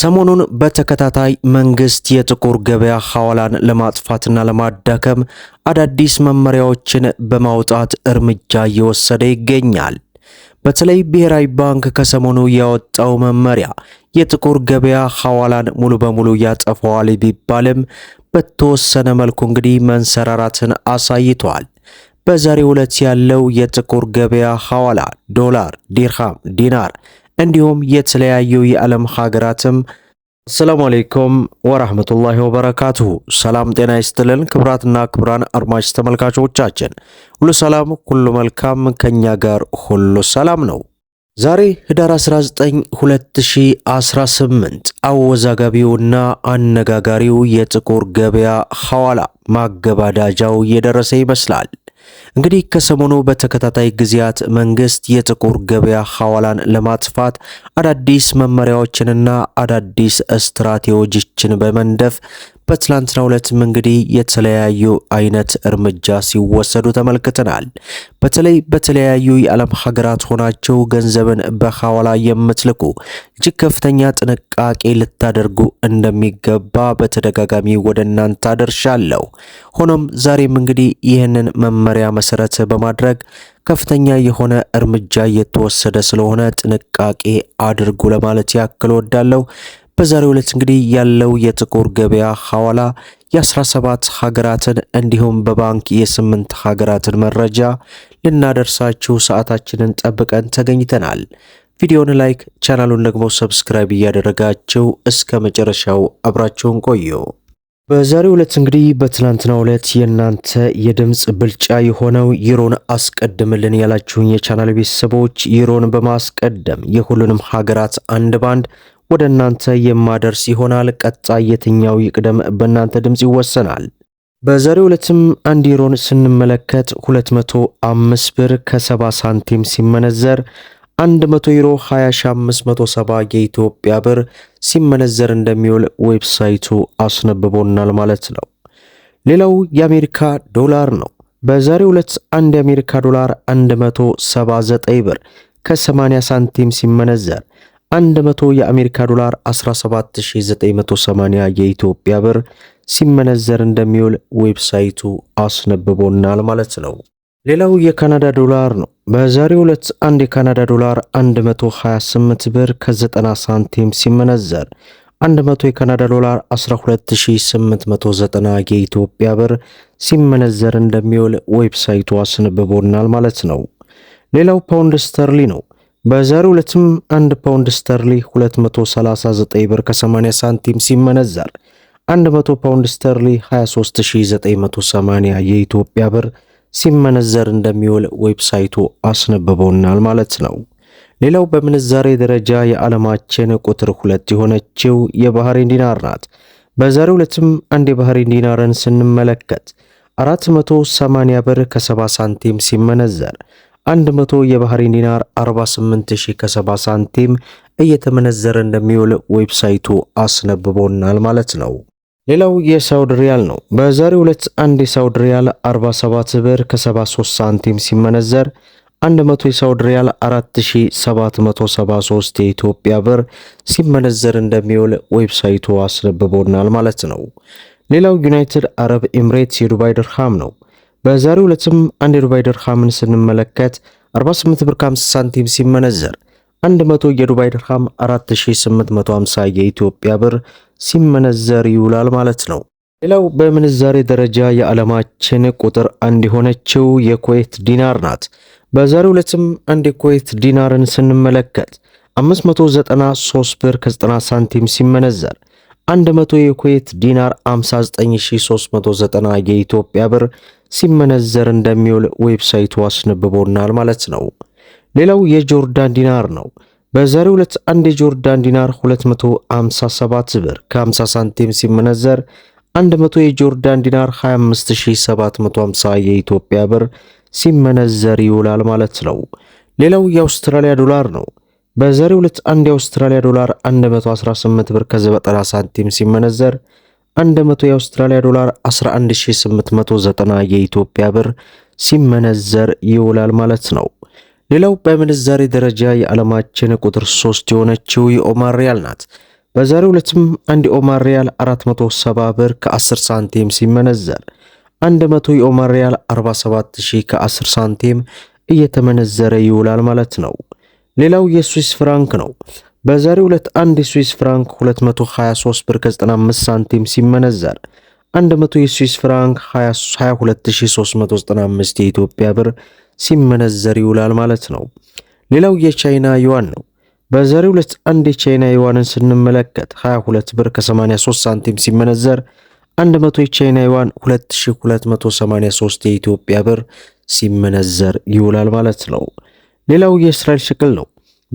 ሰሞኑን በተከታታይ መንግስት የጥቁር ገበያ ሐዋላን ለማጥፋትና ለማዳከም አዳዲስ መመሪያዎችን በማውጣት እርምጃ እየወሰደ ይገኛል። በተለይ ብሔራዊ ባንክ ከሰሞኑ ያወጣው መመሪያ የጥቁር ገበያ ሐዋላን ሙሉ በሙሉ ያጠፋዋል ቢባልም በተወሰነ መልኩ እንግዲህ መንሰራራትን አሳይቷል። በዛሬው ዕለት ያለው የጥቁር ገበያ ሐዋላ ዶላር፣ ዲርሃም፣ ዲናር እንዲሁም የተለያዩ የዓለም ሀገራትም አሰላሙ አሌይኩም ወራህመቱላሂ ወበረካቱሁ። ሰላም ጤና ይስጥልን ክብራትና ክብራን አድማጭ ተመልካቾቻችን ሁሉ ሰላም ሁሉ መልካም፣ ከኛ ጋር ሁሉ ሰላም ነው። ዛሬ ህዳር 19 2018 አወዛጋቢውና አነጋጋሪው የጥቁር ገበያ ሐዋላ ማገባዳጃው እየደረሰ ይመስላል። እንግዲህ ከሰሞኑ በተከታታይ ጊዜያት መንግስት የጥቁር ገበያ ሐዋላን ለማጥፋት አዳዲስ መመሪያዎችንና አዳዲስ ስትራቴጂዎችን በመንደፍ በትላንትናው ዕለትም እንግዲህ የተለያዩ አይነት እርምጃ ሲወሰዱ ተመልክተናል። በተለይ በተለያዩ የዓለም ሀገራት ሆናችሁ ገንዘብን በሐዋላ የምትልኩ እጅግ ከፍተኛ ጥንቃቄ ልታደርጉ እንደሚገባ በተደጋጋሚ ወደ እናንተ አደርሻለሁ። ሆኖም ዛሬም እንግዲህ ይህንን መመሪያ መሰረት በማድረግ ከፍተኛ የሆነ እርምጃ እየተወሰደ ስለሆነ ጥንቃቄ አድርጉ ለማለት ያክል ወዳለሁ። በዛሬው ዕለት እንግዲህ ያለው የጥቁር ገበያ ሐዋላ የ17 ሀገራትን እንዲሁም በባንክ የስምንት ሀገራትን መረጃ ልናደርሳችሁ ሰዓታችንን ጠብቀን ተገኝተናል። ቪዲዮውን ላይክ ቻናሉን ደግሞ ሰብስክራይብ እያደረጋችሁ እስከ መጨረሻው አብራችሁን ቆዩ። በዛሬው ዕለት እንግዲህ በትናንትናው ዕለት የእናንተ የድምፅ ብልጫ የሆነው ዩሮን አስቀድምልን ያላችሁን የቻናል ቤተሰቦች ዩሮን በማስቀደም የሁሉንም ሀገራት አንድ ባንድ ወደ እናንተ የማደርስ ይሆናል። ቀጣይ የትኛው ይቅደም በእናንተ ድምፅ ይወሰናል። በዛሬው ዕለትም አንድ ዩሮን ስንመለከት 205 ብር ከ70 ሳንቲም ሲመነዘር 100 ዩሮ 20570 የኢትዮጵያ ብር ሲመነዘር እንደሚውል ዌብሳይቱ አስነብቦናል ማለት ነው። ሌላው የአሜሪካ ዶላር ነው። በዛሬው ዕለት አንድ የአሜሪካ ዶላር 179 ብር ከ80 ሳንቲም ሲመነዘር 100 የአሜሪካ ዶላር 17980 የኢትዮጵያ ብር ሲመነዘር እንደሚውል ዌብሳይቱ አስነብቦናል ማለት ነው። ሌላው የካናዳ ዶላር ነው። በዛሬው ዕለት አንድ የካናዳ ዶላር 128 ብር ከ90 ሳንቲም ሲመነዘር 100 የካናዳ ዶላር 12890 የኢትዮጵያ ብር ሲመነዘር እንደሚውል ዌብሳይቱ አስነብቦናል ማለት ነው። ሌላው ፓውንድ ስተርሊ ነው። በዛሬው ዕለትም አንድ ፓውንድ ስተርሊ 239 ብር ከ80 ሳንቲም ሲመነዘር 100 ፓውንድ ስተርሊ 23980 የኢትዮጵያ ብር ሲመነዘር እንደሚውል ዌብሳይቱ አስነብበውናል ማለት ነው። ሌላው በምንዛሬ ደረጃ የዓለማችን ቁጥር ሁለት የሆነችው የባህሬን ዲናር ናት። በዛሬው ዕለትም አንድ የባህሬን ዲናርን ስንመለከት 480 ብር ከ70 ሳንቲም ሲመነዘር 100 የባህሪን ዲናር 48000 ከ70 ሳንቲም እየተመነዘረ እንደሚውል ዌብሳይቱ አስነብቦናል ማለት ነው። ሌላው የሳውዲ ሪያል ነው። በዛሬው ዕለት አንድ የሳውዲ ሪያል 47 ብር ከ73 ሳንቲም ሲመነዘር 100 የሳውዲ ሪያል 4773 የኢትዮጵያ ብር ሲመነዘር እንደሚውል ዌብሳይቱ አስነብቦናል ማለት ነው። ሌላው ዩናይትድ አረብ ኤምሬትስ የዱባይ ድርሃም ነው። በዛሬው ዕለትም አንድ የዱባይ ድርሃምን ስንመለከት 48 ብር ከ50 ሳንቲም ሲመነዘር 100 የዱባይ ድርሃም 4850 የኢትዮጵያ ብር ሲመነዘር ይውላል ማለት ነው። ሌላው በምንዛሬ ደረጃ የዓለማችን ቁጥር አንድ የሆነችው የኩዌት ዲናር ናት። በዛሬው ዕለትም አንድ የኩዌት ዲናርን ስንመለከት 593 ብር ከ90 ሳንቲም ሲመነዘር 100 የኩዌት ዲናር 59390 የኢትዮጵያ ብር ሲመነዘር እንደሚውል ዌብሳይቱ አስነብቦናል ማለት ነው። ሌላው የጆርዳን ዲናር ነው። በዛሬው ዕለት አንድ የጆርዳን ዲናር 257 ብር ከ50 ሳንቲም ሲመነዘር 100 የጆርዳን ዲናር 25750 የኢትዮጵያ ብር ሲመነዘር ይውላል ማለት ነው። ሌላው የአውስትራሊያ ዶላር ነው። በዛሬው ዕለት አንድ የአውስትራሊያ ዶላር 118 ብር ከ90 ሳንቲም ሲመነዘር 100 የአውስትራሊያ ዶላር 11890 የኢትዮጵያ ብር ሲመነዘር ይውላል ማለት ነው። ሌላው በምንዛሬ ደረጃ የዓለማችን ቁጥር 3 የሆነችው የኦማር ሪያል ናት። በዛሬው ዕለትም አንድ የኦማር ሪያል 470 ብር ከ10 ሳንቲም ሲመነዘር 100 የኦማር ሪያል 47000 ከ10 ሳንቲም እየተመነዘረ ይውላል ማለት ነው። ሌላው የስዊስ ፍራንክ ነው። በዛሬው ዕለት አንድ የስዊስ ፍራንክ 223 ብር ከ95 ሳንቲም ሲመነዘር 100 የስዊስ ፍራንክ 22395 የኢትዮጵያ ብር ሲመነዘር ይውላል ማለት ነው። ሌላው የቻይና ዩዋን ነው። በዛሬው ዕለት አንድ የቻይና ዩዋንን ስንመለከት 22 ብር ከ83 ሳንቲም ሲመነዘር 100 የቻይና ዩዋን 2283 የኢትዮጵያ ብር ሲመነዘር ይውላል ማለት ነው። ሌላው የእስራኤል ሽቅል ነው።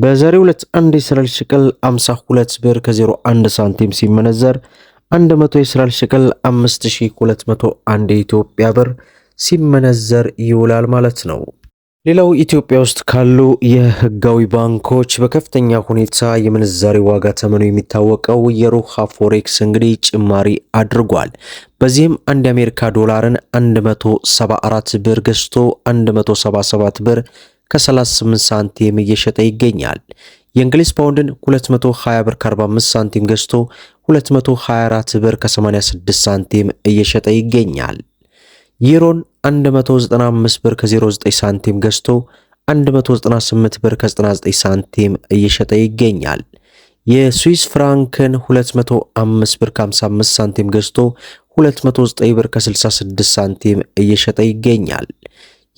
በዛሬው ዕለት አንድ የእስራኤል ሽቅል 52 ብር ከ01 ሳንቲም ሲመነዘር 100 የእስራኤል ሽቅል 5201 የኢትዮጵያ ብር ሲመነዘር ይውላል ማለት ነው። ሌላው ኢትዮጵያ ውስጥ ካሉ የህጋዊ ባንኮች በከፍተኛ ሁኔታ የምንዛሬ ዋጋ ተመኑ የሚታወቀው የሩሃ ፎሬክስ እንግዲህ ጭማሪ አድርጓል። በዚህም አንድ የአሜሪካ ዶላርን 174 ብር ገዝቶ 177 ብር ከ38 ሳንቲም እየሸጠ ይገኛል። የእንግሊዝ ፓውንድን 220 ብር ከ45 ሳንቲም ገዝቶ 224 ብር ከ86 ሳንቲም እየሸጠ ይገኛል። ዩሮን 195 ብር ከ09 ሳንቲም ገዝቶ 198 ብር ከ99 ሳንቲም እየሸጠ ይገኛል። የስዊስ ፍራንክን 205 ብር ከ55 ሳንቲም ገዝቶ 209 ብር ከ66 ሳንቲም እየሸጠ ይገኛል።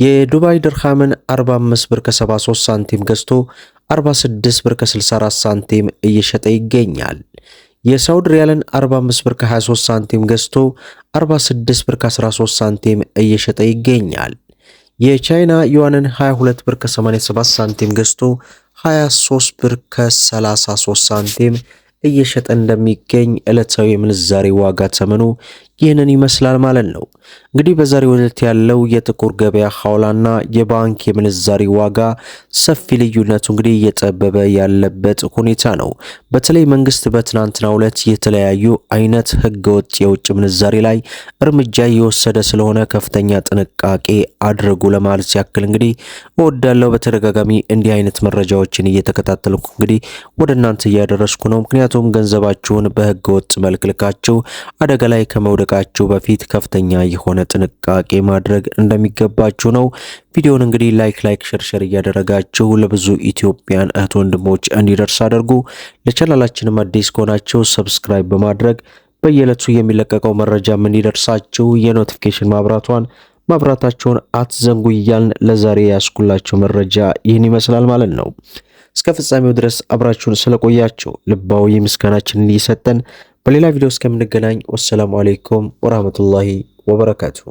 የዱባይ ድርሃምን 45 ብር ከ73 ሳንቲም ገዝቶ 46 ብር ከ64 ሳንቲም እየሸጠ ይገኛል። የሳውዲ ሪያልን 45 ብር ከ23 ሳንቲም ገዝቶ 46 ብር ከ13 ሳንቲም እየሸጠ ይገኛል። የቻይና ዩዋንን 22 ብር ከ87 ሳንቲም ገዝቶ 23 ብር ከ33 ሳንቲም እየሸጠ እንደሚገኝ ዕለታዊ የምንዛሬ ዋጋ ተመኑ ይህንን ይመስላል ማለት ነው። እንግዲህ በዛሬው ዕለት ያለው የጥቁር ገበያ ሐዋላና የባንክ የምንዛሪ ዋጋ ሰፊ ልዩነቱ እንግዲህ እየጠበበ ያለበት ሁኔታ ነው። በተለይ መንግስት በትናንትናው ዕለት የተለያዩ አይነት ህገወጥ የውጭ ምንዛሪ ላይ እርምጃ እየወሰደ ስለሆነ ከፍተኛ ጥንቃቄ አድርጉ ለማለት ያክል እንግዲህ እወዳለሁ። በተደጋጋሚ እንዲህ አይነት መረጃዎችን እየተከታተልኩ እንግዲህ ወደ እናንተ እያደረስኩ ነው። ምክንያቱም ገንዘባችሁን በህገወጥ መልክ ልካችሁ አደጋ ላይ ከመውደቃችሁ በፊት ከፍተኛ የሆነ ጥንቃቄ ማድረግ እንደሚገባችሁ ነው። ቪዲዮውን እንግዲህ ላይክ ላይክ ሸርሸር እያደረጋችሁ ለብዙ ኢትዮጵያን እህት ወንድሞች እንዲደርስ አድርጉ። ለቻናላችንም አዲስ ከሆናችሁ ሰብስክራይብ በማድረግ በየዕለቱ የሚለቀቀው መረጃም እንዲደርሳችሁ የኖቲፊኬሽን ማብራቷን ማብራታቸውን አትዘንጉ እያልን ለዛሬ ያስኩላችሁ መረጃ ይህን ይመስላል ማለት ነው። እስከ ፍጻሜው ድረስ አብራችሁን ስለቆያችሁ ልባዊ ምስጋናችንን እየሰጠን በሌላ ቪዲዮ እስከምንገናኝ ወሰላሙ አሌይኩም ወራህመቱላሂ ወበረካቱሁ።